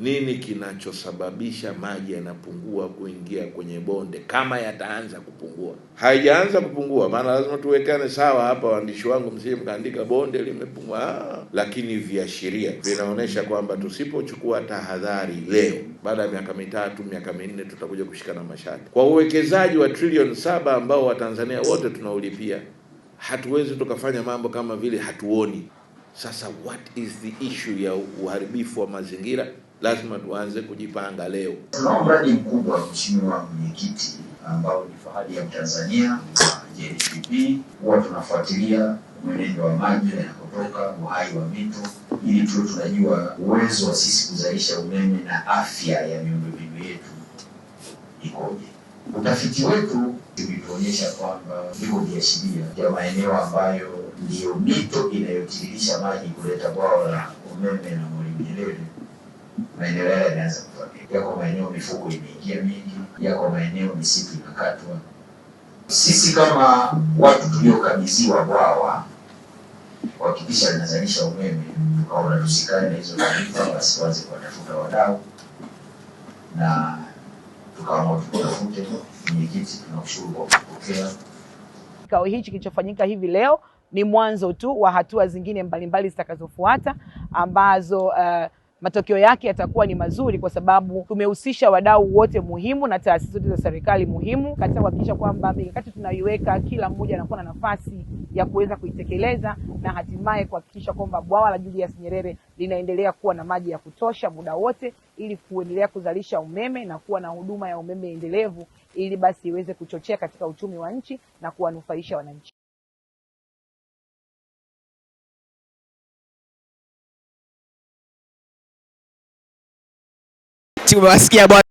nini kinachosababisha maji yanapungua kuingia kwenye bonde, kama yataanza kupungua. Haijaanza kupungua, maana lazima tuwekane sawa hapa, waandishi wangu, msije mkaandika bonde limepungua. Ah, lakini viashiria vinaonyesha kwamba tusipochukua tahadhari leo, baada ya miaka mitatu, miaka minne, tutakuja kushikana mashati kwa uwekezaji wa trilioni saba ambao Watanzania wote tunaulipia. Hatuwezi tukafanya mambo kama vile hatuoni. Sasa what is the issue ya uharibifu wa mazingira? Lazima tuanze kujipanga leo. Tunao mradi mkubwa Mheshimiwa Mwenyekiti, ambao ni fahari ya Tanzania JHPP. Huwa tunafuatilia mwenendo wa maji yanapotoka, uhai wa mito, ili tuwe tunajua uwezo wa sisi kuzalisha umeme na afya ya miundombinu yetu ikoje. Utafiti wetu ulituonyesha kwamba viko viashiria vya maeneo ambayo ndiyo mito inayotiririsha maji kuleta bwawa la umeme na Mwalimu Nyerere. Maeneo haya yanaanza kufagia. Yako maeneo mifuko imeingia mingi, yako maeneo misitu inakatwa. Sisi kama watu tuliokabidhiwa bwawa kuhakikisha linazalisha umeme, tukaona tusikane na hizo taarifa, basi tuanze kuwatafuta wadau na tukaamua tukatafute. Mwenyekiti, tunakushukuru kwa kupokea kikao hichi kilichofanyika hivi leo ni mwanzo tu wa hatua zingine mbalimbali zitakazofuata ambazo uh, matokeo yake yatakuwa ni mazuri kwa sababu tumehusisha wadau wote muhimu na taasisi zote za serikali muhimu katika kuhakikisha kwamba mikakati tunaiweka kila mmoja anakuwa na nafasi ya kuweza kuitekeleza na hatimaye kuhakikisha kwamba bwawa la Julius Nyerere linaendelea kuwa na maji ya kutosha muda wote ili kuendelea kuzalisha umeme na kuwa na huduma ya umeme endelevu ili basi iweze kuchochea katika uchumi wa nchi na kuwanufaisha wananchi. mas que é boa.